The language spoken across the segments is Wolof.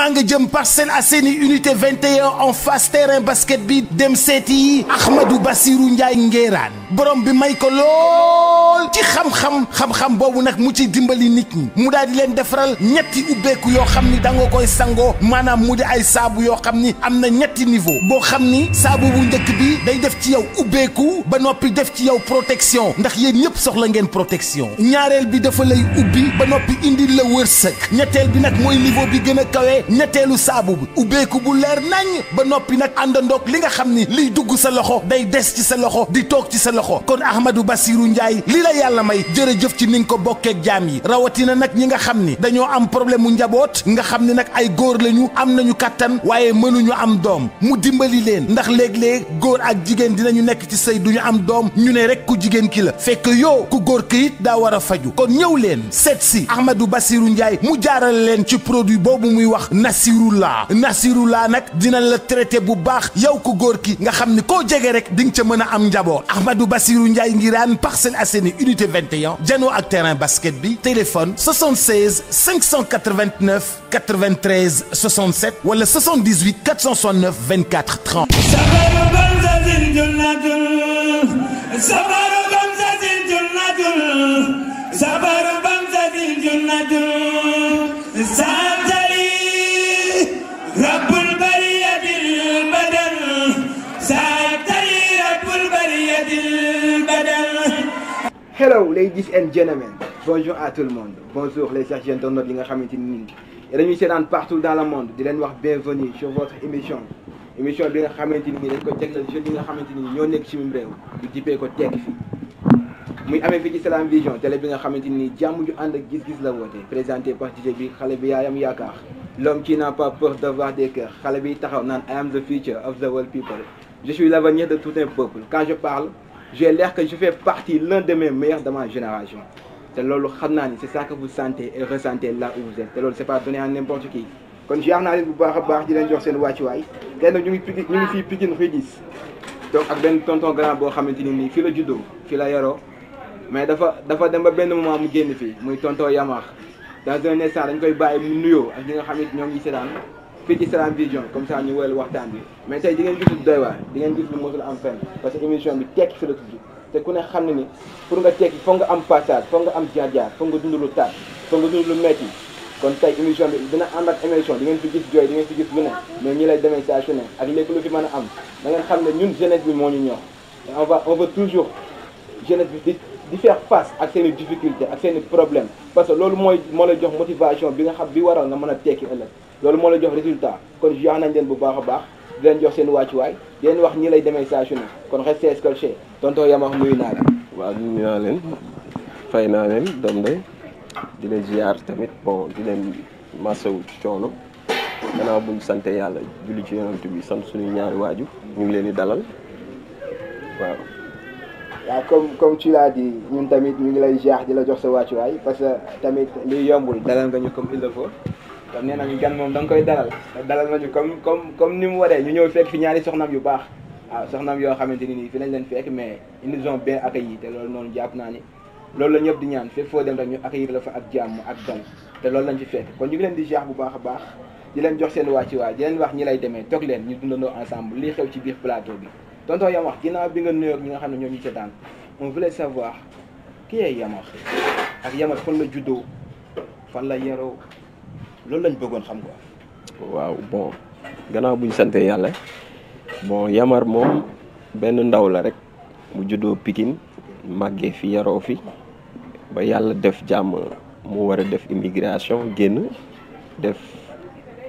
maa nga jëm Parcelles Assainies unité 21 en face terrain basket bi dem seeti Ahmadou Bassirou Ndiaye Ngéraan borom bi may ko lool ci xam-xam xam-xam boobu nag mu ci dimbali nit ñi mu daal di leen defaral ñetti ubbeeku yoo xam ni danga koy sangoo maanaam mu di ay saabu yoo xam ni am na ñetti niveau boo xam ni saabu bu njëkk bi day def ci yow ubbeeku ba noppi def ci yow protection ndax yéen ñëpp soxla ngeen protection ñaareel bi dafa lay ubbi ba noppi indil la ñetteelu saabu bi ubbeeku bu leer nañ ba noppi nag àndandoog li nga xam ni liy dugg sa loxo day des ci sa loxo di toog ci sa loxo kon Ahmadou Bassirou Ndiaye li la yàlla may jërëjëf ci ni nga ko bokkeeg jaam yi rawatina nag ñi nga xam ni dañoo am problème mu njaboot nga xam ni nag ay góor lañu am nañu kattan waaye mënuñu am doom mu dimbali leen ndax léeg góor ak jigéen dinañu nekk ci sëy duñu am doom ñu ne rek ku jigéen ki la fekk yow ku góor këyit daa war a faju kon ñëw leen seet si Ahmadou Bassirou mu jaarale leen ci produit boobu muy wax wax Nasirullah Nasirullah nag dina la traité bu baax yow ku góor ki nga xam ni koo jege rek di nga ca mën a am njaboot Ahmadou Bassirou Ndiaye Ngirane Parcelles Assainies unité 21 janoo ak terrain basket bi téléphone 76 589 93 67 wala 78 469 24 30. Sabara Hello ladies and gentlemen bonjour à tout le monde bonjour les chers internautes yi nga xamante ni dañuy seetaan partout dans le monde di leen wax bienvenue sur votre émission émission bi nga xamante ni ni ko jagleel jeunes yi nga xamante ni ñoo nekk ci mim réew di dippee ko tekki fi muy amee fii ci Salam Vision télé bi nga xamante ni jàmm ju ànd ak gis-gis la woote présenté par DJ bi xale bi yaayam yaakaar l'homme qui n'a pas peur d'avoir des cœurs xale bi taxaw naan I am the future of the world people je suis l'avenir de tout un peuple quand j'ai l'air que je fais partie l'un de mes meilleurs génération te loolu xam naa ni c'est ça que vous sentez et ressentez là où vous êtes te loolu c'est pas donné à n'importe qui kon jaar naa leen bu baax a baax di leen jox seen wàccuwaay tey nag ñu ngi Pikine ñu ngi fii Pikine Rue 10 donc ak benn tonton grand boo xamante ni nii fii la juddoo fii la yoro mais dafa dafa dem ba benn moment mu génn fii muy tonton Yamar dans un instant dañ koy bàyyi mu nuyoo ak ñi nga xam ne ñoom ñi seetaan fii ci Vision comme ça ñu woyal waxtaan bi mais tey di ngeen gis doy waar di ngeen gis lu mosul am fenn parce que émission bi tekki fi la te ku ne xam na ni pour nga tekki foog nga am passage foog nga am jaar-jaar foog nga dund lu taat foog nga dund lu metti kon tey émission bi dina ànd ak émission di ngeen fi gis jooy di ngeen gis lu mais ñi lay demee saa su ak lépp lu fi mën a am da xam ne ñun jeunesse bi moo ñu ñor on va on di faire face ak seen i difficulté ak seen problème parce que loolu mooy moo lay jox motivation bi nga xam bi waral nga mën a tekki ëllëg loolu moo lay jox résultat kon jox nañ leen bu baax a baax leen jox seen wàccuwaay di leen wax ñi lay demee saa su ne kon restez scotché tonton Yamax nuyu naa la. waaw naa leen fay naa leen dem de di leen tamit bon di leen masawu coono gannaaw bu ñu sant yàlla julli ci yonent bi sant suñu ñaari waaju ñu ngi leen di dalal waaw. waaw comme comme tu l'as dit ñun tamit ñu ngi lay ziar di la jox sa wàccuwaay parce que tamit liy yombul dalal nga ñu comme il le faut kon nee nañu gan nga koy dalal dalal nañu comme comme comme ni mu waree ñu ñëw fekk fi ñaari soxnaam yu baax waaw soxnaam yoo xamante ni nii fi lañ leen fekk mais ils nous ont bien accueillis te noonu jàpp naa ni loolu la ñëpp di ñaan fépp foo dem rek ñu accueillir la fa ak jàmm ak dal te loolu lañ fi kon ñu ngi leen di ziar bu baax a baax di leen jox seen wàccuwaay di leen wax ñi lay demee toog leen ñu dundandoo ensemble lii xew ci biir plateau bi tonton Yamax ginnaaw bi nga nuyoo ak ñi nga xam ne ñoom ñu ci daan on voulait savoir qui est Yamax ak Yamax fan la juddoo fan la yaroo loolu lañ bëggoon xam ko waaw bon gannaaw buñ ñu sante yàlla bon yamar moom benn ndaw la rek mu juddoo pikin màggee fi yaroo fi ba yàlla def jàmm mu war a def immigration génn def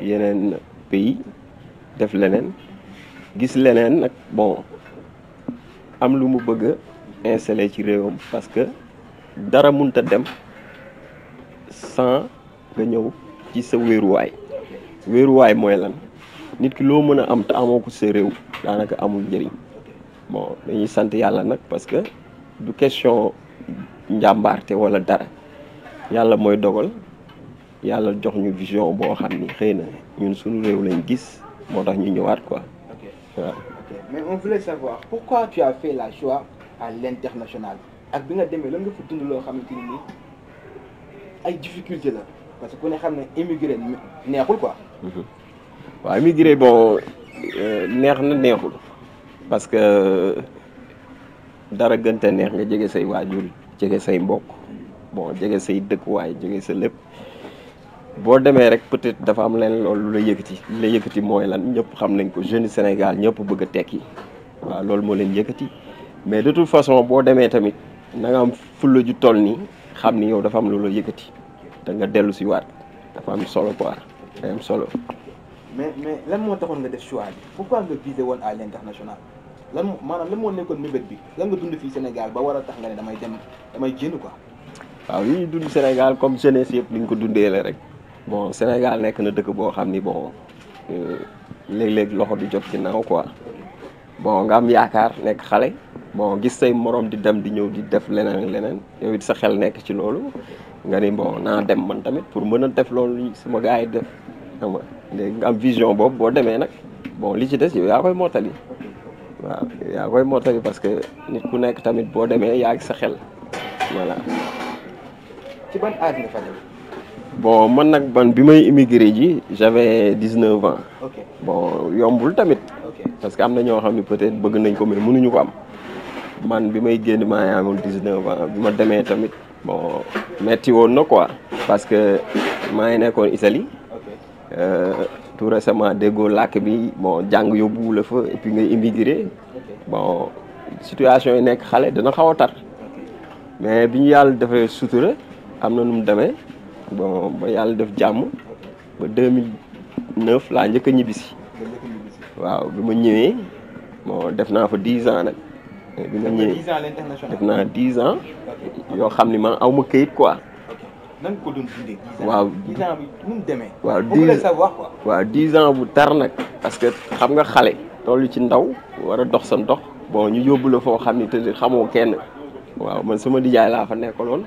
yeneen pays def leneen. gis leneen nag bon am lu mu bëgg a ci réewam parce que dara munta dem sans nga ñëw ci sa wéeruwaay wéeruwaay mooy lan nit ki loo mën a am te amoo ko sa réew daanaka amul njëriñ bon dañuy sant yàlla nag parce que du question njàmbaarte wala dara yàlla mooy dogal yàlla jox ñu vision boo xam ni xëy na ñun sunu réew lañ gis moo tax ñu ñëwaat quoi waaw mais on voulait savoir pourquoi tu as fait la choix à l'international ak bi nga demee lan nga fa dund loo xamante ni nii ay difficulté la parce que ku ne xam ne immigré neexul quoi. Mhm. waaw immigré bon euh, neex na neexul parce que euh, dara gënte neex nga jege say waajur jege say mbokk bon jege say dëkkuwaay jege sa lépp. boo demee rek peut-être dafa am leen loolu lu la yëkkati li la yëkkati mooy lan ñëpp xam nañ ko jeune Sénégal ñëpp bëgg a tekki waaw loolu moo leen yëkkati mais de toute façon boo demee tamit na nga am fulla ju toll nii xam ni yow dafa am lu la yëkkati da nga dellu si waat dafa am solo quoi day solo. mais mais lan moo taxoon nga def choix bi pourquoi nga visé woon à l'international lan moo maanaam lan moo nekkoon mébét bi lan nga dund fii Sénégal ba war a tax nga ne damay dem damay génn quoi. waaw ah li ñu dund Sénégal comme jeunesse yëpp ni ñu ko dundee la rek. bon Sénégal nekk na dëkk boo xam ni bon euh, léeg-léeg loxo di jot ginnaaw quoi bon nga am yaakaar nekk xale bon gis say moroom di dem di ñëw di def leneen leneen yow it sa xel nekk ci loolu nga ni bon naa dem man tamit pour mën a def loolu sama gaa yi def xam nga am vision boobu boo demee nag bon li ci des yow yaa koy mottali waaw yaa parce que nit ku nekk tamit boo demee yaa ngi sa xel voilà. ci bon man nag ban bi may immigré ji j'avais dix-neuf ans. ok bon yombul tamit. parce que am na ñoo xam ne peut-être bëgg nañ ko mais mënuñu ko am. man bi may génn maa amul dix-neuf ans bi ma demee tamit bon metti woon na quoi. parce que maa ngi nekkoon Italie. Euh, tout récemment déggoo làkk bi bon jàng yóbbuwu la fa et nga ngay immigré bon situation yi nekk xale dana xaw a tar mais biñ ñu yàlla defee sutura am na nu mu demee. bon ba yàlla def jàmm ba 2009 laa njëkk a ñibbisi waaw bi ma ñëwee bon def naa fa 10 ans nag bi ma ñëwee def naa 10 ans yoo xam ni ma aw ma këyit quoi nan ko doon waaw dix ans bi nu mu demee. waaw dix bu tar nag. parce que xam nga xale. toll ci ndaw war a dox sa dox. bon ñu yóbbu foo xam ne te xamoo kenn. waaw man sama nijaay laa fa nekkaloon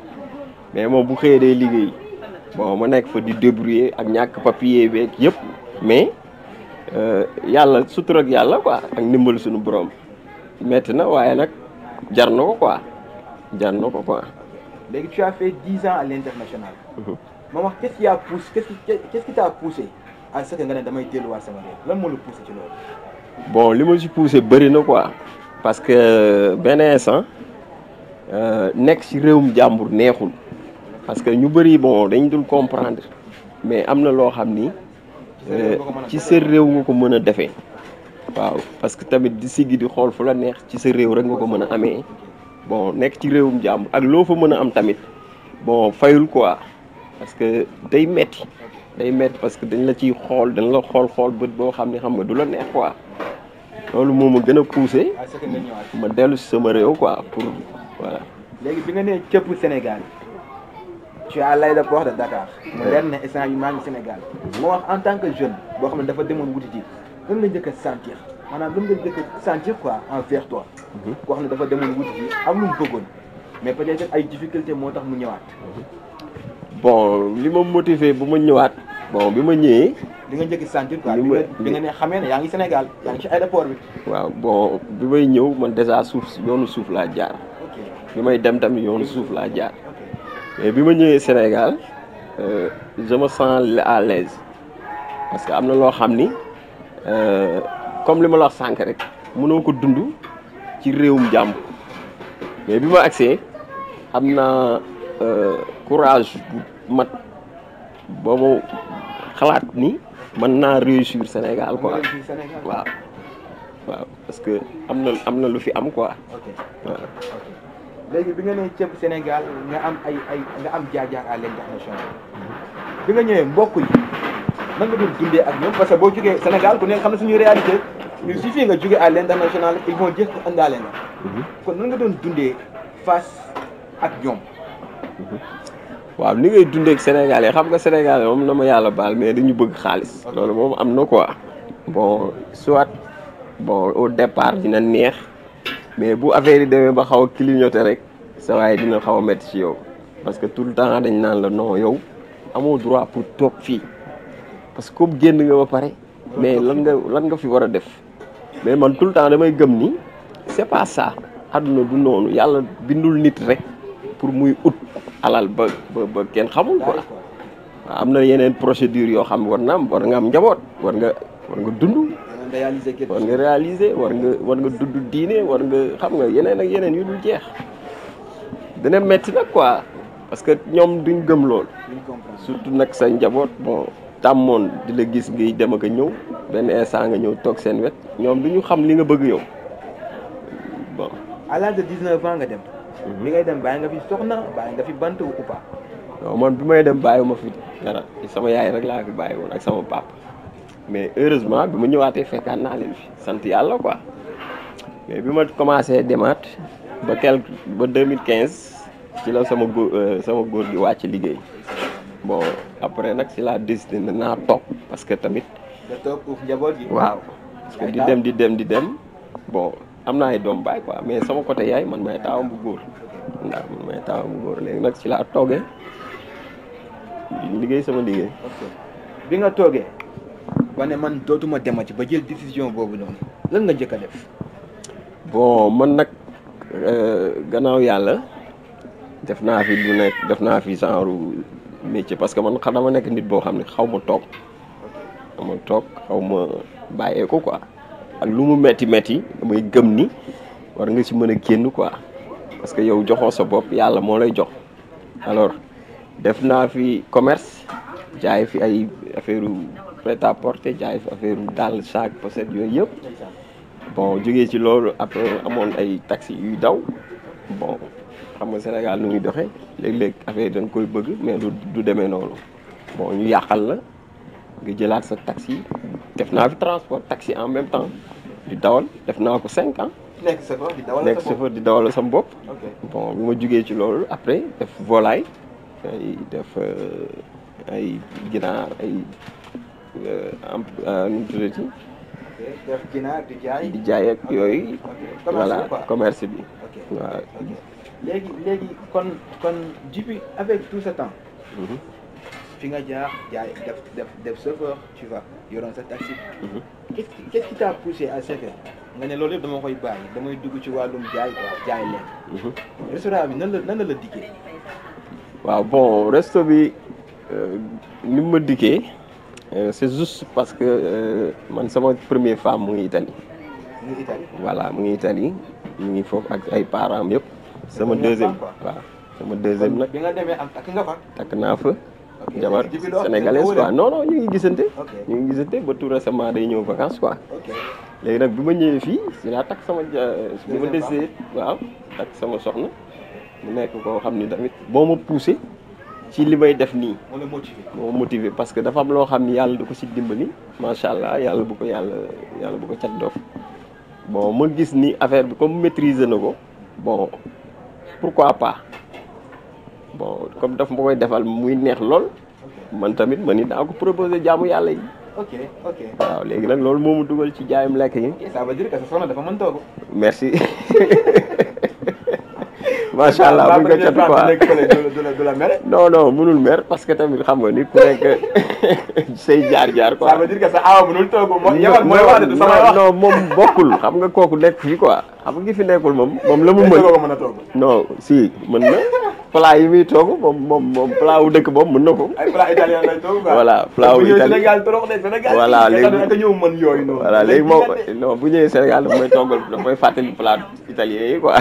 mais moom bu xëyee day liggéey bon ma nekk fa di débrouiller ak ñàkk papier beeg yëpp mais euh, yàlla sutura yàlla quoi ak ndimbal suñu borom metti na waaye nag jar na ko quoi jar na ko quoi. léegi tu as fait dix ans à mhm. ma wax qu'est-ce qui a poussé qu'est-ce qui t'a poussé à ce que nga ne damay delluwaat sama réew lan moo la poussé ci bon li ma si poussé bëri na quoi parce que euh, benn instant euh, nekk si réewum jàmbur neexul. parce que ñu bëri bon dañ dul comprendre mais am na loo xam ni euh, ci sa réew nga ko mën a defee waaw parce que tamit di siggi di xool fu la neex ci sa réew rek nga ko mën a amee bon nekk ci réewum jàmm ak loo fa mën a am tamit bon fayul quoi parce que day metti day metti parce que dañ la ciy xool dañ la xool xool bët boo xam ne xam nga du la neex quoi loolu moo ma gën a poussé ma dellu si sama réew quoi pour voilà léegi bi nga nee cëpp Sénégal tu as l'aéroport de Dakar. mu leer ne instant yi maa ngi Sénégal. moo wax en tant que jeune boo xam ne dafa demoon wuti ji lan la njëkk a sentir maanaam lan la njëkk a sentir quoi envers mhm. ne dafa demoon wuti ji am lu mu mais peut-être ay difficulté moo tax mu ñëwaat. Mhm. bon li ma motivé bu ma ñëwaat. bon bi ma ñëwee. li nga njëkk a sentir quoi bi nga ne xamee ne yaa ngi Sénégal yaa ngi ci aéroport bi. waaw bon bi may ñëw man déjà suuf yoonu suuf laa jaar. may dem tamit yoonu suuf laa jaar. mais bi ma ñëwee Sénégal euh, je me sens à parce que am na loo xam ni euh, comme li ma la wax sànq rek mënoo ko dund ci réewum jàmm mais bi ma agsee am na euh, courage mat ba ma xalaat ni mën naa réussir Sénégal quoi waaw parce que am na am na lu fi am quoi waaw léegi bi nga nee ceeb Sénégal nga am ay ay nga am jaar-jaar à l'international bi nga ñëwee mbokk yi nan nga doon dundee ak ñoom parce que boo jógee Sénégal ku nekk xam na suñuy réalité ñu si fii nga jógee à l'international ils vont jëkk àndaale na mhm. kon nan nga doon dundee face ak ñoom mhm. waaw ni ngay dundee ak Sénégal yi xam nga Sénégal yi moom na ma yàlla baal mais dañu bëgg xaalis loolu moom am na quoi bon soit bon au départ dina neex mais bu affaire yi demee ba xaw a clignoté rek sa waaye dina xaw a métti ci yow parce que tout le temps dañ naan la non yow amoo droit pour toog fii parce que comme génn nga ba pare mais lan nga lan nga fi war a def mais man tout le temps damay gëm ni c'est pas ça àdduna du noonu yàlla bindul nit rek pour muy ut alal ba ba kenn xamul quoi am na yeneen procédure yoo xam war na am war nga am njaboot war nga war nga dund réaliser kër war nga réaliser war nga war nga dudd diine war nga xam nga yeneen ak yeneen yu dul jeex dina metti nag quoi parce que ñoom duñ gëm lool. surtout nag sa njaboot bon tàmmoon di la gis ngay dem ak ñëw benn instant nga ñëw toog seen wet ñoom ñu xam li nga bëgg yow bon. à l'âge de 19 nga dem. Mhm. bi ngay dem bàyyi nga fi soxna bàyyi nga fi bant ou pas. non man bi may dem bàyyiwuma fi dara sama yaay rek laa fi bàyyiwoon ak sama papa. mais heureusement bi ma ñëwaatee fekkaat naa leen fi sant yàlla quoi mais bi ma commencé demaat ba quelque ba 2015 ci la sama góor euh, sama góor gi wàcc liggéey bo après nag ci la décidé na naa toog parce que tamit. nga toog njaboot waaw parce que di dem di dem di dem bon am naa ay doom baay quoi mais sama côté yaay man may taawam bu góor ndax bu góor léegi nag ci laa toogee liggéey sama liggéey. bi nga ba ne man dootuma demati ba jël diffision boobu noonu lan nga njëkk a def. bon man nag euh, gannaaw yàlla def naa fi du nekk def naa fi genre métier parce que man xam dama nekk nit boo xam ne xaw ma toog ma toog xaw ma bàyyee ko ak lu mu metti metti damay gëm ni war nga si mën a génn quoi parce que yow joxoo sa bopp yàlla moo lay jox alors def naa fi commerce jaay fi ay affaire prêt à porter jaay fi affaire dàll saag pochette yooyu yëpp bon jógee ci loolu après amoon ay taxi yuy daw bon xam nga Sénégal nu muy doxee léeg-léeg affaire dañ koy bëgg mais du du demee noonu bon ñu yàqal la nga jëlaat sa taxi def naa fi transport taxi en même temps di dawal def naa ko cinq ans nekk chauffeur di dawal nekk sam bopp. bon bi ma jugee ci loolu après def volaille def euh, ay ginaar am euh, nu mu def ginaar di jaay di jaay ak yooyu. voilà commerce bi waaw. léegi léegi kon kon jibi avec tout ce temps. Mhm. fi nga jaar jaay def def def chauffeur tu vois yoroon sa taxi. Mhm. qu'est-ce qui t'a poussé à ce nga ne loolu yëpp dama koy bàyyi damay dugg ci wàllum jaay quoi jaay leen. Mhm. restaurant bi nan la nan la la waaw bon resto bi euh, ni ma dikkee. Euh, c'est juste parce que euh, man sama première femme mu ngi Italie. mu ngi Italie voilà mu ngi Italie ngi foofu ak ay parents am yëpp. sama deuxième waaw sama deuxième nag. bi nga demee am takk nga takk naa fa. jabar sénégalaise quoi no no ñu ngi gisante. ñu ngi gisante ba tout récemment day ñëw vacances quoi. léegi nag bi ma ñëwee fii si laa takk sama ja bi euh, ma desee waaw takk sama soxna mu nekk koo xam ni tamit boo ma poussé. ci li may def nii. moo motivé parce que dafa am loo xam ni yàlla du ko si dimbali macha allah yàlla bu ko yàlla yàlla bu ko cat doof bon ma gis ni affaire bi comme maîtriser na ko bon pourquoi pas bon comme daf ma koy defal muy neex lool man tamit ma ni daa ko proposé jaamu yàlla yi. ok waaw léegi nag loolu moo ma dugal ci jaayum lekk yi. ça veut dire que merci. macha allah buñ ko jot quoi du la non non munul mer parce que tamit xam nga ni ku nekk say jaar-jaar ko ça veut dire que sa awa munul moom yow ak mooy non moom bokkul xam nga kooku nekk fii quoi xam nga fi nekkul moom moom la mu mën non si mën na plat yi muy togg moom moom moom plat wu dëkk boobu mën na ko. ay plat italien lay togg quoi. voilà plat wu italien Sénégal trop ñëw mën yooyu noonu. voilà léegi moom non bu ñëwee Sénégal daf may toggal daf may fàttali plat italien yi quoi.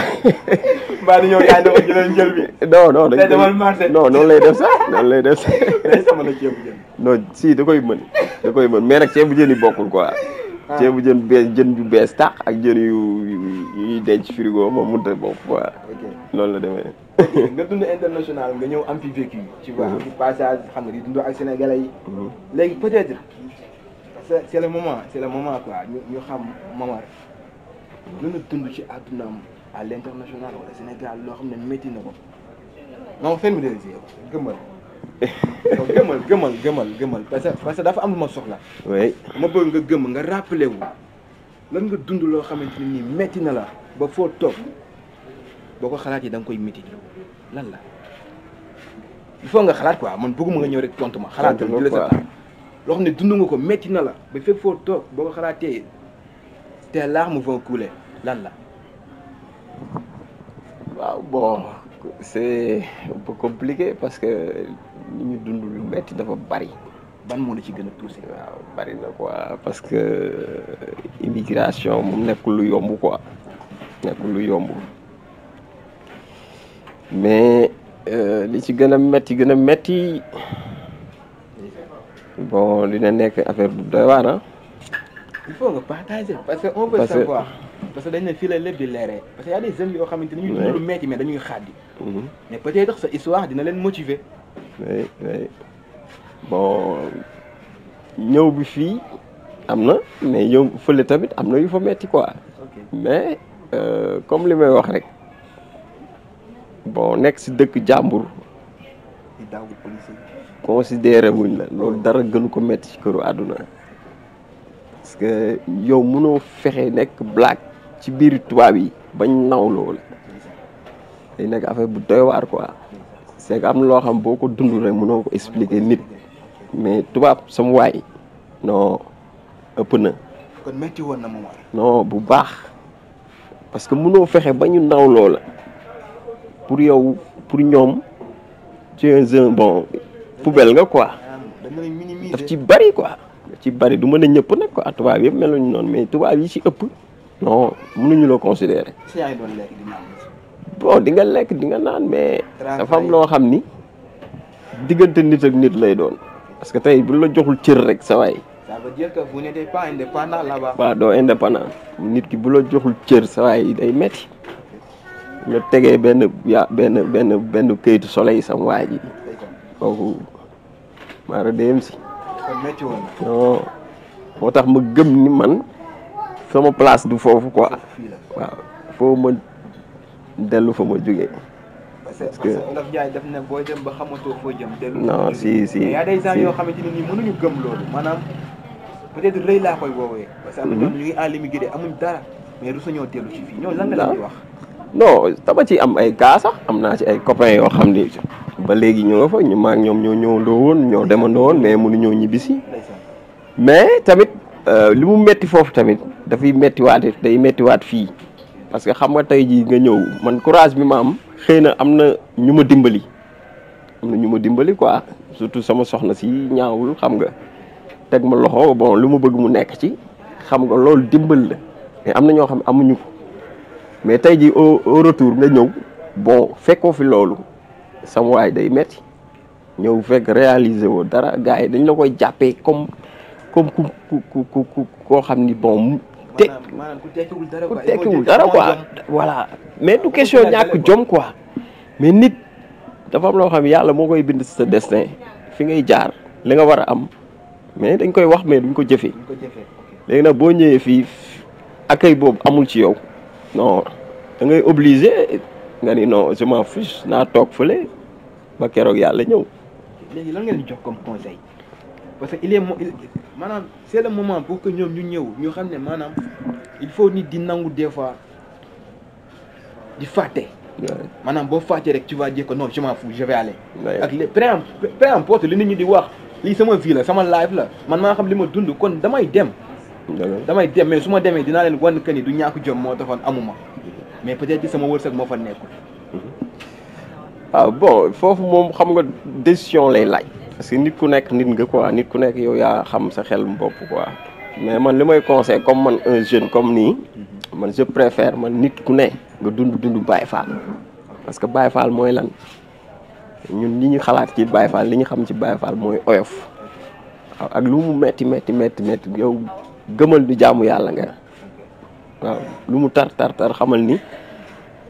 mbaa di ñëw yaa ngi doon jëlee njël bi. non non dañu koy non lay def sax noonu lay def sax. day sama la ceebu jën. non da koy mën da koy mën mais nag ceebu jën yi bokkul quoi. waaw ah. ceebu jën bees jën yu bees tax ak jën yu yu ñuy denc frigo moom mënut a bokk quoi. ok noonu la demee nga dund international nga ñëw am fi vécu tu vois ci mhm. passage xam nga di dund ak sénégalais yi mhm. léegi peut-être c'est le moment c'est le moment quoi ñu xam Mamar lu nga dund ci àddunaam à l'international wala Sénégal loo xam ne métti na ko moom fen bi de si yow gëmmal gëmmal gëmmal parce que dafa am lu ma soxla oui ma bëgg nga gëmm nga rappelé wu lan nga dund loo xamante ni metti na la ba foo toog boo ko xalaatee da nga koy métti lan la il faut nga xalaat quoi man bëgguma nga ñëw rek tontu ma. xalaatal di la sa loo xam ne dund nga ko métti na la ba fépp foo toog boo ko xalaatee tes larmes vont couler lan la. waaw bon c'est peu compliqué parce que nu ñu dund lu métti dafa bari. ban moom la ci gën a touché. na quoi parce que euh, immigration nekkul lu yomb quoi nekkul lu yomb. mais euh, li ci gën a metti gën a metti bon dina nekk affaire bu doy waar ah. il faut nga partager parce que on veut que dañ ne fii la lépp di leeree parce que y a des jeunes yoo xamante ni ñu dund lu metti mais dañuy xàddi. Mhm. mais peut-être sa histoire dina leen motiver. oui oui bon ñëw bi fii am na mais yow tamit am na yu fa metti quoi. mais euh, comme li may wax rek. bon nekk si dëkk jàmbur considéré wuñ la loolu dara gënu ko metti ci këru àdduna parce que yow mënoo fexe nekk black ci biir tubaab yi bañ naw loolu day nekk affaire bu doy waar quoi c'est que am loo xam boo ko dund rek mënoo ko expliquer nit mais tubaab sama waay ëpp na kon metti woon na bu baax parce que mënoo fexe ba ñu naw loola pour yow pour ñoom ci un bon poubelle nga quoi daf ci bari quoi daf ci bari du mën a ñëpp nag quoi tubaab yëpp meluñu noon mais tubaab yi ci ëpp no non mënuñu la considérer bon di nga lekk di nga naan mais dafa am loo xam ni diggante nit nit lay doon parce que tey bu la joxul cër rek sa waay ça veut dire que vous n'êtes pas indépendant là-bas. doo indépendant nit ki bu la joxul cër sa day metti nga tegee benn ya benn benn benn këyitu soleil sam waa ji kooku maara dem si non moo tax ma gëm ni man sama place du foofu quoi ah, waaw foo ma dellu fa ma jógee parce que Olof Ndiaye daf ne booy dem ba xamatoo foo jëm dellu non si si y yoo xamante ne nii mënuñu gëm loolu maanaam peut-être rëy laa koy woowee parce que mhm. ñu ngi en limite amuñ dara mais rusuñoo dellu ci ñoo lan nga leen wax non dama ci am ay cas am naa ci ay copains yoo xam ni ba léegi ñu ñu maag ñoom ñoo ñëwandoo woon ñoo demandoo woon mais mënuñoo ñibbisi mais tamit euh, li mu metti foofu tamit dafay méttiwaat day méttiwaat fii parce que xam nga tey jii nga ñëw man courage bi maam xëy na am na ñu ma dimbali am na ñu ma dimbali quoi surtout sama soxna si ñaawul xam nga teg ma loxo bo lu mu bëgg mu nekk ci xam nga loolu dimbal na am na ñoo xam ne amuñu ko mais tey ji au retour nga ñëw bon fekkoo fi loolu sama waay day metti ñëw fekk réaliser woo dara gars yi dañ la koy jàppee comme comme ku ku ku ku koo xam ni bon. te ku tekkiwul dara quoi voilà mais du question ñàkk jom quoi mais nit dafa am loo xam yàlla moo koy bind si sa destin fi ngay jaar li nga war a am mais dañ koy wax mais duñ ko jëfee léegi nag boo ñëwee fii accueil boobu amul ci yow non da ngay obligé nga ni non je m'en fiche naa toog fële ba keroog yàlla ñëw. léegi lan ngeen di jox comme conseil parce que il est maanaam c'est le moment pour que ñoom ñu ñëw ñu xam ne maanaam il faut nit di nangu des fois di fàtte. maanaam boo fàtte rek ci vas dire que noo je m'en fous je vais aller. ak les peu importe li nit ñi di wax lii sama vie la sama life la man maa xam li ma dund kon damay dem. damay dem mais su ma demee dina leen wan que ni du ñàkk jom moo taxoon amuma mhm. mais peut-être ci sama wërsëg moo fa nekkul. Mhm. ah bon foofu moom xam nga décision lay laaj. parce que nit ku nekk nit nga quoi nit ku nekk yow yaa xam sa xel bopp quoi. mais man li may conseil comme man un jeune comme nii mhm. man je préfère man nit ku ne nga dund dund Baye Fall parce que Baye Fall mooy lan ñun li ñu xalaat ci Baye Fall li ñu xam ci Baye Fall mooy oyof waaw ak lu mu metti metti metti metti yow gëmal ni jaamu yàlla nga lu mu tar tar xamal ni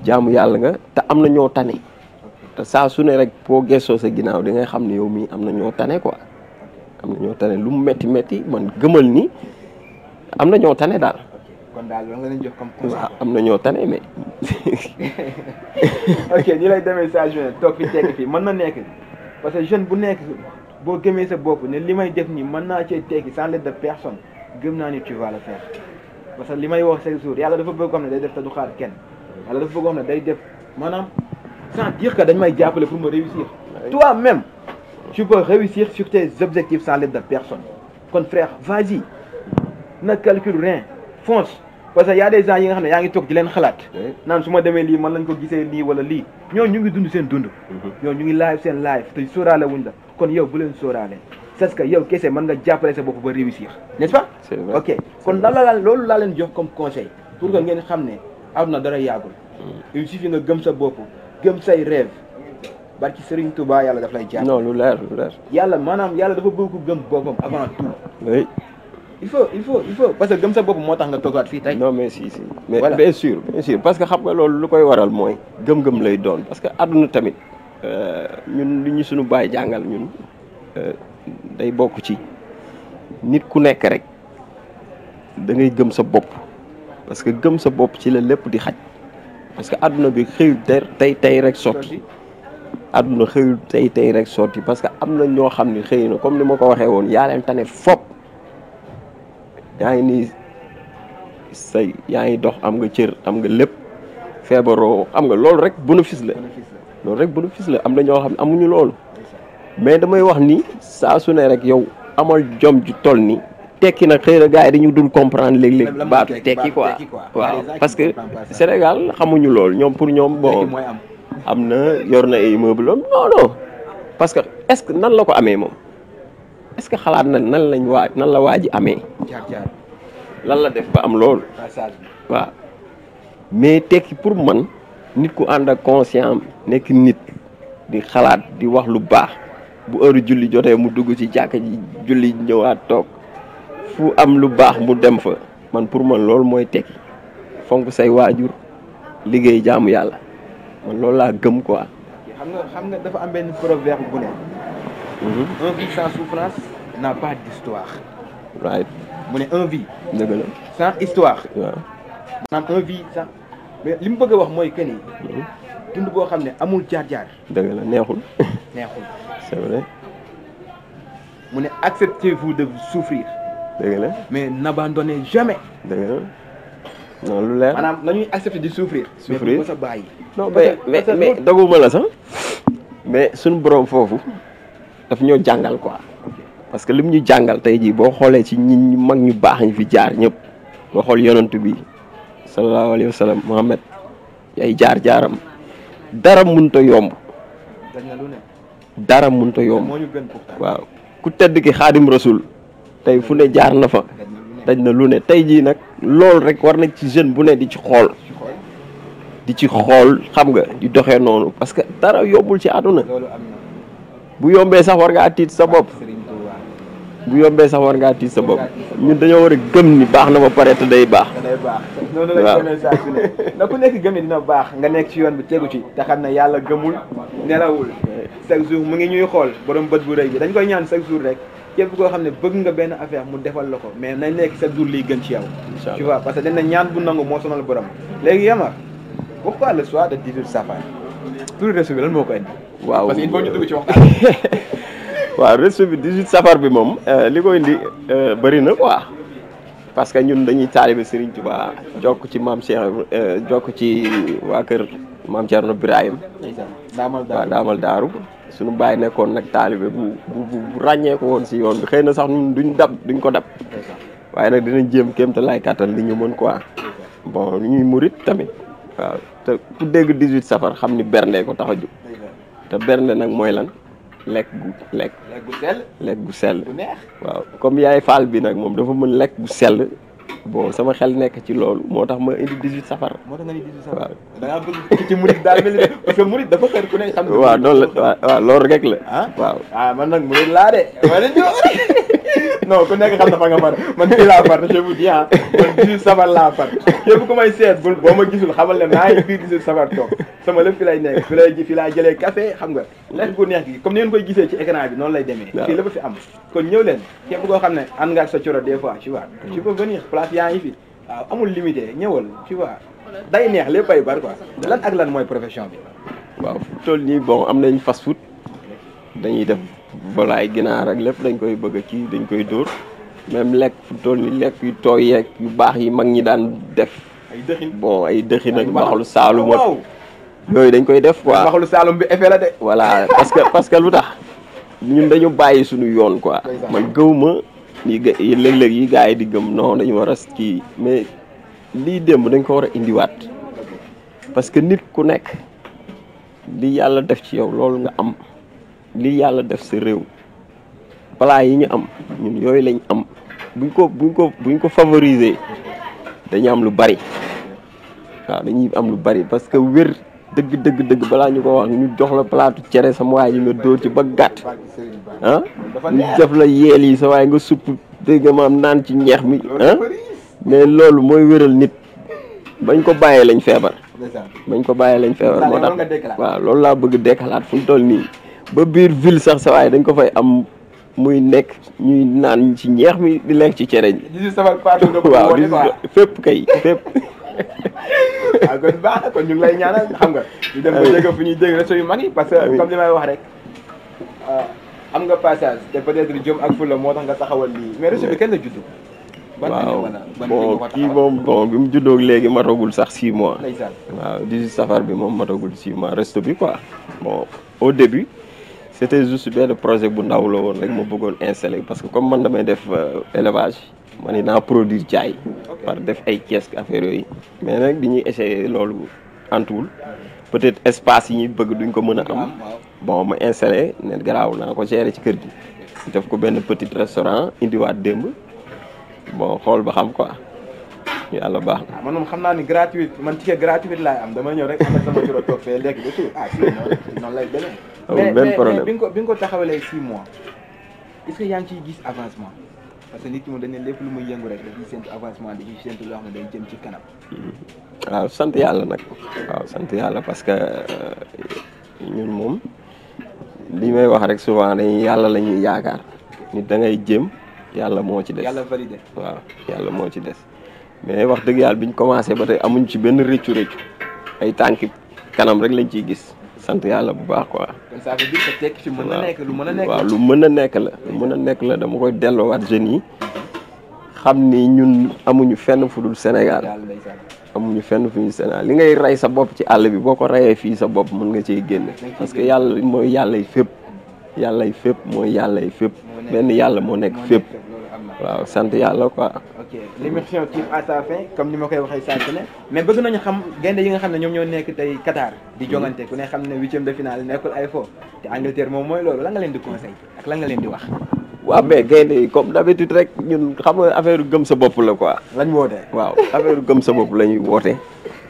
jaamu yàlla nga te am na ñoo tane te saa su ne rek boo gëstoo sa ginnaaw di ngay xam ne yow mii am na ñoo tane quoi am na ñoo tane lu mu metti métti man gëmal ni am na ñoo daal. kon daal lan nga leen jox comme conseil. am na ñoo tane mais. ok ñu lay demee saa jeune toog fii mën na nekk parce que jeune bu nekk boo gëmee sa bopp ne li may def nii mën naa cee tekki sans l'aide de personne. gëm naa ni tu vas le faire parce que li may wax chaque jour yàlla dafa bëgg xam ne day def te du xaar kenn yàlla dafa bëgg xam ne day def maanaam sans dire que dañ may jàppale pour ma réussir toi même tu peux réussir sur tes objectifs sans l'aide de personne kon frère vas-y na calcule rien fonce parce que y des gens yi nga xam ne yaa ngi toog leen xalaat naan su ma demee man lañ ko gisee lii wala lii ñoo ñu ngi dund seen dund mhm. ñoo ñu ngi live seen live te sóoraale wuñ la kon yow bu leen sóoraale c'est que yow kese mën nga jàppale sa bopp ba réussir nest ok kon lan la loolu laa leen jox comme conseil pour que ngeen xam ne àdduna dara yàggul hmm. il suffit nga gëm sa boppu gëm say rêve barki Serigne Touba yàlla daf lay jaar non lu leer lu leer yàlla maanaam yàlla dafa bëgg ko gëm boppam avant tout oui il faut il faut il faut que gëm sa boppu moo tax nga toogaat fii tey non mais si si mais bien sûr bien parce que xam nga loolu lu koy waral mooy gëm-gëm lay doon parce que àdduna tamit euh, ñun li ñu suñu bàyyi jàngal ñun euh, day bokk ci nit ku nekk rek da ngay gëm sa bopp parce que gëm sa bopp ci la lépp di xaj parce que àdduna bi xëyul tey tey rek sotti àdduna xëyul tey tey rek sotti parce que am na ñoo xam ne xëy na comme ni ma ko waxee woon yaa leen tane fopp yaa ngi nii say yaa ngi dox am nga cër am nga lépp feebaroo am nga loolu rek bénéfice la loolu rek bénéfice la am na ñoo xam ne amuñu loolu mais damay wax ni saa su ne rek yow amal jom ji toll nii tekki nag xëy na gars yi dañu dul comprendre léeg-léeg baatu tekki quoi waaw parce que Sénégal xamuñu lool ñoom pour ñoom bon am na yor na ay immeuble am non parce que est-ce que nan la ko amee moom est-ce que xalaat na nan lañ waa nan la waa ji amee lan la def ba am lool waaw mais tekki pour man nit ku ànd ak conscient nekk nit di xalaat di wax lu baax bu heure julli jotee mu dugg ci jàkka ji julli ñëwaat toog fu am lu baax mu dem fa man pour man lool mooy tekki fonk say waajur liggéey jaamu yàlla man loolu laa gëm quoi. xam nga xam nga dafa am benn proverbe bu ne. Mhm. un vie sans souffrance n'a pas d'histoire. right mu ne un vie. dëgg la sans histoire. waaw maanaam sans mais li mu bëgg a wax mooy que ni. Mhm. dund boo xam ne amul jaar-jaar. dëgg la neexul. neexul c'est vrai. mu ne acceptez-vous de souffrir. dëgg la mais n'abandonnez jamais. dëgg la non lu leer. maanaam nañuy di souffrir. souffrir mais sa bàyyi. non mais mais mais doguma la sax. mais suñu borom foofu daf ñoo jàngal quoi. parce que lim ñu jàngal tey jii boo xoolee ci ñi ñu mag ñu baax ñu fi jaar ñëpp nga xool yonent bi sallallahu alayhi wa Muhammad ay jaar jaaram dara mënut a yomb. dara mënut a yomb. waaw ku tedd ki xaadim rasul tey fu ne jaar na fa dañ na lu ne tey jii nag loolu rek war na ci jeune bu ne di ci xool di ci xool xam nga di doxee noonu parce que dara yombul ci àdduna bu yombee sax war nga tiit sa bopp bu yombee sax war ngaa sa bopp ñun dañoo war a gëm ni baax na ba pare te day baax. day baax noonu la ñu na ku nekk gëm ne dina baax nga nekk ci yoon bi tegu ci. te xam ne yàlla gëmul nelawul chaque jour mu ngi ñuy xool borom bët bu rëy bi dañ koy ñaan chaque jour rek. képp koo xam ne bëgg nga benn affaire mu defal la ko mais nañ nekk sa dur liy gën ci yow. tu vois parce que dañ ne ñaan bu nangu moo sonal borom. léegi Yamar pourquoi le soir de 18 Safar turu resto bi lan moo ko waaw parce que il faut ci waaw resto bi 18 bi moom euh, li ko indi euh, bëri na quoi parce que ñun dañuy taalibe Serigne ba jokk ci maam Cheikh euh, jokk ci waa kër. maam Thierno Birahim daamal daaru waaw daamal daaru suñu bàyyi nekkoon nag taalibe bu bu bu ràññee ko woon si yoon bi xëy na sax ñun duñ dab duñ ko dab waaye nag dinañ jéem kéem te laay kàttan li ñu mën quoi bon lu ñuy murit tamit waaw te ku dégg 18 safar xam ni bernde ko tax a jóg te bernde nag mooy lan lekk gu lekk. lekk gu sel lekk gu waaw comme yaay faal bi nag moom dafa mën lekk gu sell. bon sama xel nekk ci loolu moo tax ma indi 18 safar. moo tax nga ni 18 safar waaw. da ngaa bëgg ci murid daal mel ni parce que murid dafa xër ku ne xam. waaw loolu la waaw loolu rek la. Ah? waaw ah man nag murid laa de. non ku nekk xam na fa nga far man fii laa far je vous dis man gisul sabar laa far képp ko may seet bul boo ma gisul xamal ne naa ngi fii gisul sabar toog sama lépp fi lay nekk fi lay fi laa jëlee café xam nga lekk gu gi comme ni ngeen koy gisee ci écran bi noonu lay demee fii lépp fi am ko ñëw leen képp koo xam ne ànd nga ak sa des fois tu vois mm. tu peux venir place yaa ngi fi waaw amul limité ñëwal tu vois day neex lépp ay bar quoi lan ak lan mooy profession bi waaw tool nii bon am nañ fast food dañuy dem volaay ginaar ak lépp dañ koy bëgg a kii dañ koy dóor même lekk fu toll ni lekk yu tooy yeeg yu baax yi mag ñi daan def bon ay dëxin ak mbaxalu saalum ak yooyu dañ koy def quoi mbaxalu saalum bi effet la de voilà que parce que lu tax ñun dañu bàyyi suñu yoon quoi man gëwma yi léeg yi gars yi di gëm non dañu war a kii mais lii démb dañ ko war a indiwaat parce que nit ku nekk li yàlla def ci yow loolu nga am lii yàlla def si réew balaa yi ñu am ñun yooyu lañ am buñ ko buñ ko buñ ko favoriser dañu am lu bari waaw dañuy am lu bari parce que wér dëgg dëgg dëgg balaa ñu ko wax ñu jox la palaatu cere sama waay yi nga dóor ci ba gàtt ah ñu def la yeel yi sa waay nga supp dégg am naan ci ñeex mi ah loolu mooy wéral nit bañ ko bàyyee lañ feebar bañ ko bàyyee lañ feebar moo tax waaw loolu laa bëgg dekkalaat fu mu toll nii ba biir ville sax sa waaye dañ ko fay am muy nekk ñuy naan ci ñeex mi di lekk ci cere ji. di sama waaw di fépp kay fépp. waaw ah, baax kon ñu ngi lay ñaanal xam nga. ñu dem ba ñuy dégg réseau yu mag yi parce que comme li may wax rek. Ah, am nga passage te peut-être jëm ak fula moo tax nga taxawal lii mais réseau bi kenn la judd. waaw bon kii moom bi mu juddoo léegi matagul sax 6 mois. waaw 18 safar bi moom matogul 6 mois resto bi quoi bon au début. c'était juste benn projet bu ndaw la woon rek ma bëggoon installé parce que comme man damay def élevage ma ne naa produire jaay par def ay kees affaire yooyu mais nag bi ñuy essayé loolu antuwul peut-être espace yi ñuy bëgg duñ ko mën a am bon ma installé ne garaaw naa ko gérer ci kër gi def ko benn petit restaurant indiwaat démb bon xool ba xam quoi yàlla baax na. xam naa ni gratuite man ticket gratuite laay am dama ñëw rek am amul benn bi nga ko bi nga ko taxawalee 6 mois est yaa ngi ciy gis avancement parce que nit ki moom dañ ne lépp lu muy yëngu rek dañuy séntu avancement dañuy séntu loo xam ne day jëm ci kanam. Mm-hmm. waaw sant yàlla nag waaw sant yàlla parce que euh, ñun moom li may wax rek souvent dañuy yàlla la ñuy yaakaar da ngay jëm yàlla moo ci des. yàlla validé waaw yàlla moo ci des. mais wax dëgg yàlla bi ñu ba te amuñ ci benn rëccu rëccu ay tànki kanam rek lañ ciy gis. sant yàlla bu baax quoi. kon ça veut dire que lu mën a nekk la lu mën a nekk la. mën a nekk la dama koy delloowaat jeunes yi xam ni ñun amuñu fenn fu dul Sénégal. amuñu fenn fu ñu Sénégal li ngay rey sa bopp ci àll bi boo ko reyee fii sa bopp mën nga ciy génne. parce que yàlla mooy yàllay fépp. yàllay fépp mooy yàllay fépp. benn yàlla moo nekk fépp. waaw sant yàlla quoi. li l'émission tire à fin comme ni ma koy waxee saa su ne mais bëgg a xam gaynde yi nga xam ne ñoom ñoo nekk tey Qatar di mhm. jongante ku ne xam ne huitième de finale nekkul ay fo te Angleterre moom mooy loolu la nga leen di conseil ak la nga leen di wax waaw mais gaynde yi comme d'habitude rek ñun xam affaire gëm sa bopp la quoi lañ woote waaw affaire gëm sa bopp la ñuy woote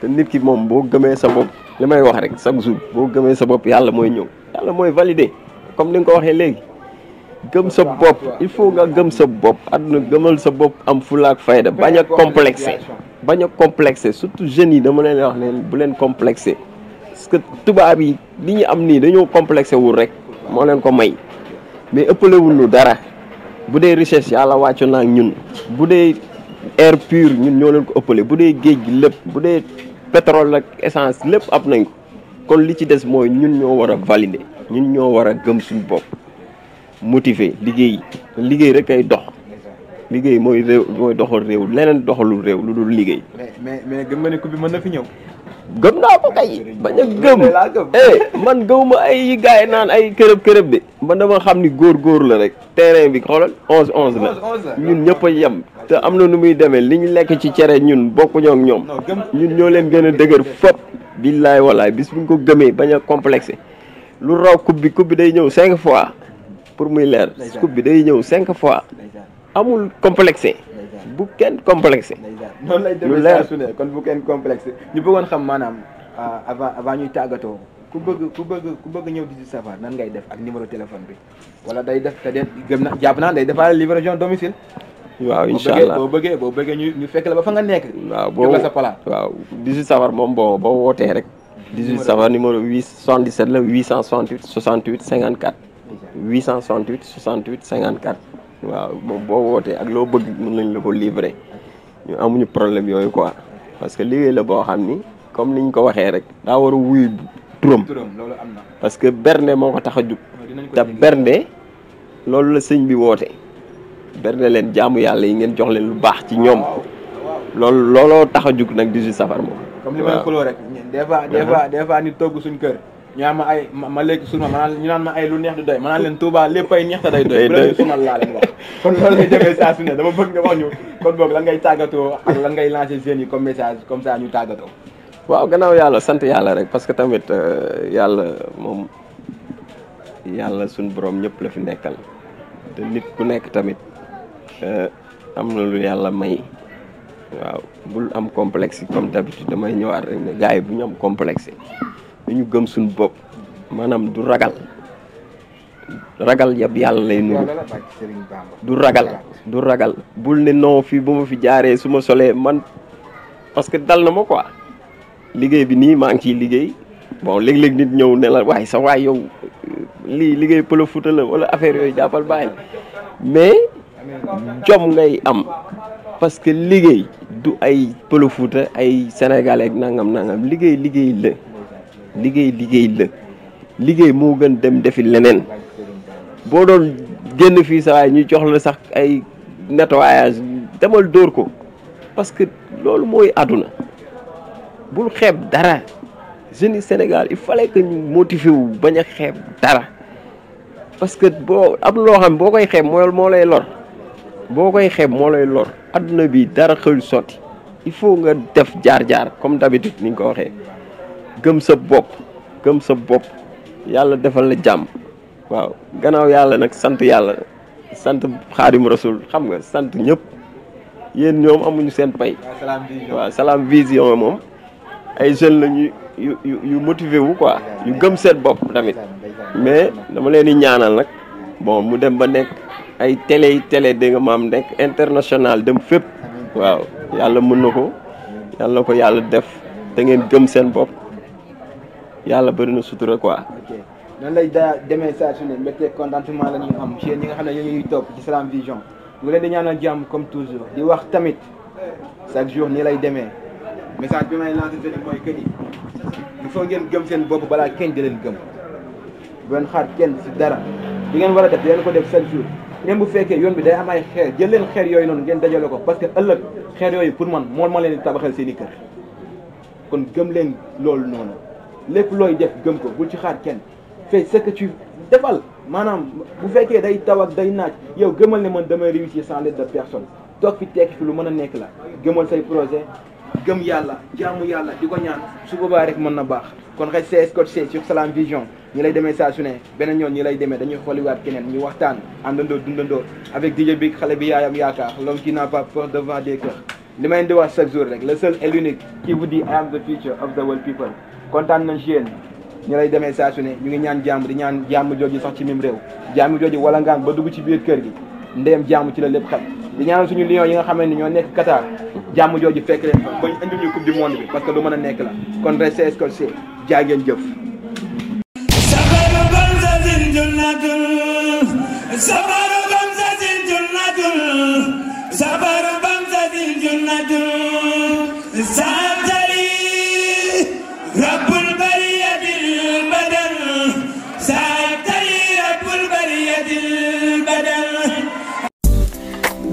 nit ki moom boo gëmee sa bopp li may wax rek chaque jour boo gëmee sa bopp yàlla mooy ñëw yàlla mooy validé comme ni ko waxee léegi gëm sa bopp il faut nga gëm sa bopp àdduna gëmal sa bopp am fulaak fayda bañ ak complexé bañ a complexé surtout jeunes yi dama leen wax neen bu leen complexé parce que tubaab yi li ñu am nii dañoo complexé wul rek moo leen ko may mais ëppalewul lu dara bu dee richesse yàlla wàccu naa ñun bu dee air pur ñun ñoo leen ko ëppale bu dee géej gi lépp bu dee pétrole ak essence lépp am nañ ko kon li ci des mooy ñun ñoo war a valider ñun ñoo war a gëm suñu bopp motivé liggéey liggéey rek ay dox liggéey mooy réew mooy doxal réew leneen doxalul réew lu dul liggéey. mais mais gëm nga ne coupe bi mën na fi ñëw. gëm naa ko kay bañ a gëm eh man gëwuma ay gars yi naan ay kërëb kërëb de man dama xam ni góor-góor la rek terrain bi xoolal onze onze la ñun ñëpp a yem te am na nu muy demee li ñu lekk ci cere ñun bokk ak ñoom ñun ñoo leen gën a dëgër fop billaay walaay bis bu ko gëmee bañ a complexé lu raw coupe bi bi day ñëw cinq fois pour muy leer scoop bi day ñëw cinq fois amul complexé bu kenn complexé noonu lay demee saa su ne kon bu kenn complexé ñu bëggoon xam maanaam euh, avant avant ñuy tàggatoo ku bëgg ku bëgg ku bëgg ñëw di Safar nan ngay def ak numéro téléphone bi wala day def te de na jàpp naa day defaale livraison domicile waaw incha allah boo bëggee boo ñu ñu fekk la ba fa nga nekk waaw boo sa Safar moom boo boo wootee rek 18 Safar numéro 8 77 la 868 68 54 868 68 54 waaw moom boo wootee ak loo bëgg mën nañ la ko livrer ñu amuñu problème yooyu quoi parce que liggéey la boo xam ni comme niñ ko waxee rek daa war a wuyu turam loolu am parce que bernde moo ko tax a jug te bernde loolu la sëñ bi woote bernde leen jaamu yàlla yi ngeen jox leen lu baax ci ñoom loolu looloo tax a jug nag 18 safar moom comme li may suñ kër ñu naan ma ay ma léegi surma ma naan ñu naan ma ay lu neex du doy ma naan leen Touba lépp ay neex te day doy bu leen surma laa leen wax kon loolu lay demee saa su ne dama bëgg nga wax ñu kon boog lan ngay tàggatoo ak lan ngay lancer jeunes yi comme message comme ça ñu tàggatoo waaw gannaaw yàlla sant yàlla rek parce que tamit euh, yàlla moom yàlla suñu borom ñëpp la fi nekkal te nit ku nekk tamit euh, am na lu yàlla may waaw bul am complexe comme d'habitude damay ñëwaat rek ne gars yi bu ñu am complexe dañu gëm suñu bopp maanaam du ragal ragal yab yàlla lay nuru du ragal du ragal bul ne non fii ba ma fi jaaree su ma solee man parce que dal na ma quoi liggéey bi nii maa ngi ciy liggéey bon léeg-léeg nit ñëw ne la waaye waay yow euh, lii liggéey pël fuuta la wala affaire yooyu jàppal bàyyi mais jom ngay am parce que liggéey du ay pël fuuta ay sénégalais nangam nangam liggéey liggéey la liggéey liggéey la liggéey moo gën dem defi leneen boo doon génn fii sawaay ñu jox la sax ay nettoyage demal dóor ko parce que loolu mooy àdduna bul xeeb dara jeunes yi Sénégal il fallait que ñu motivé wu bañ a xeeb dara parce que boo am loo xam boo koy xeeb mooy moo lay lor boo koy xeeb moo lay lor adduna bi dara xëy sotti il faut nga def jaar-jaar comme d'habitude ni nga ko waxee gëm sa bopp gëm sa bopp yàlla defal la jàmm waaw gannaaw yàlla nag sant yàlla sant mu rasul xam nga sant ñëpp yéen ñoom amuñu seen pay salaam Salam Vision moom ay jeunes lañu ñu yu yu motivé wu quoi yu gëm seen bopp tamit mais dama leen di ñaanal nag bon mu dem ba nekk ay télé yi télé dégg maam nekk international dem fépp waaw yàlla mën na ko yàlla ko yàlla def da ngeen gëm seen bopp yàlla bëri na sutura quoi. nan lay daa demee saa su ne mbégte contentement la ñuy am yéen ñi nga xam ne yéen ñuy topp ci Salam Vision bu leen di ñaanal jàmm comme toujours di wax tamit chaque jour nii lay demee message bi may lancer seen mooy que ni foo faut ngeen gëm seen bopp balaa kenn di leen gëm bu leen xaar kenn si dara li ngeen war a def leen ko def chaque jour. même bu fekkee yoon bi day am ay xeer jël leen xeer yooyu noonu ngeen dajale ko parce que ëllëg xeer yooyu pour man moo leen di tabaxal seen i kon gëm leen loolu noonu. lépp looy def gëm ko bul ci xaar kenn fais ce que tu defal maanaam bu fekkee day taw day naaj yow gëmal ne man damay réussir sans l'aide de personne toog fi tekki fi lu mën a nekk la gëmal say projet gëm yàlla jaamu yàlla di ko ñaan su boobaa rek mën na baax kon xëy c'est scotché sur Salam Vision ñi lay demee saa su ne beneen yoon ñi lay demee dañuy xooliwaat keneen ñu waxtaan àndandoo dundandoo avec DJ Big xale bi yaayam yaakaar l'homme qui n'a pas peur devant des cœurs li may di wax chaque jour rek le seul et l'unique qui I am the future of kontaan nañ si ñu lay demee saa su ñu ngi ñaan jàmm di ñaan jàmm jooju sax ci mim réew jàmm jooju wala ngaan ba dugg ci biir kër gi ndeyam jàmm ci la lépp xel di ñaanal suñu lion yi nga xamante ni ñoo nekk Qatar jàmm jooju fekk leen fa bañ indi ñu coupe du monde bi parce que lu mën a nekk la kon restez scotchés jaa ngeen jëf sabar